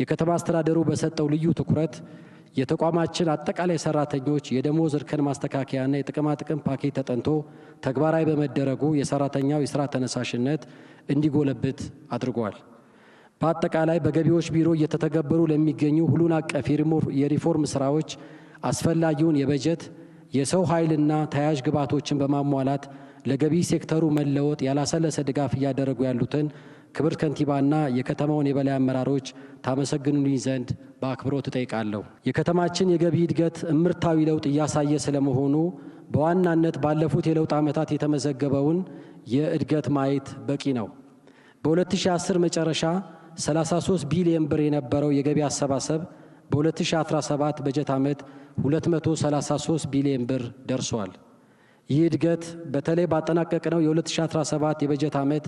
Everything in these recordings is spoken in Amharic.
የከተማ አስተዳደሩ በሰጠው ልዩ ትኩረት የተቋማችን አጠቃላይ ሰራተኞች የደሞዝ እርከን ማስተካከያና የጥቅማጥቅም ፓኬት ተጠንቶ ተግባራዊ በመደረጉ የሰራተኛው የስራ ተነሳሽነት እንዲጎለብት አድርጓል። በአጠቃላይ በገቢዎች ቢሮ እየተተገበሩ ለሚገኙ ሁሉን አቀፍ የሪፎርም ስራዎች አስፈላጊውን የበጀት የሰው ኃይልና ተያያዥ ግብዓቶችን በማሟላት ለገቢ ሴክተሩ መለወጥ ያላሰለሰ ድጋፍ እያደረጉ ያሉትን ክብር ከንቲባና የከተማውን የበላይ አመራሮች ታመሰግኑልኝ ዘንድ በአክብሮት እጠይቃለሁ። የከተማችን የገቢ እድገት እምርታዊ ለውጥ እያሳየ ስለመሆኑ በዋናነት ባለፉት የለውጥ ዓመታት የተመዘገበውን የእድገት ማየት በቂ ነው። በ2010 መጨረሻ 33 ቢሊየን ብር የነበረው የገቢ አሰባሰብ በ2017 በጀት ዓመት 233 ቢሊየን ብር ደርሷል። ይህ እድገት በተለይ ባጠናቀቅነው የ2017 የበጀት ዓመት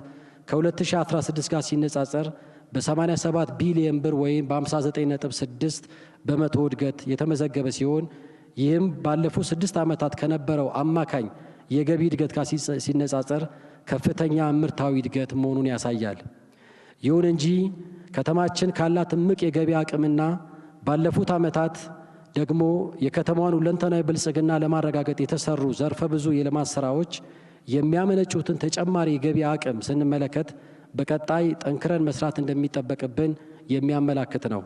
ከ2016 ጋር ሲነጻጸር በ87 ቢሊየን ብር ወይም በ59.6 በመቶ እድገት የተመዘገበ ሲሆን ይህም ባለፉት ስድስት ዓመታት ከነበረው አማካኝ የገቢ እድገት ጋር ሲነጻጸር ከፍተኛ ምርታዊ እድገት መሆኑን ያሳያል። ይሁን እንጂ ከተማችን ካላት እምቅ የገቢ አቅምና ባለፉት ዓመታት ደግሞ የከተማዋን ሁለንተናዊ ብልጽግና ለማረጋገጥ የተሰሩ ዘርፈ ብዙ የልማት ስራዎች የሚያመነጩትን ተጨማሪ የገቢ አቅም ስንመለከት በቀጣይ ጠንክረን መስራት እንደሚጠበቅብን የሚያመላክት ነው።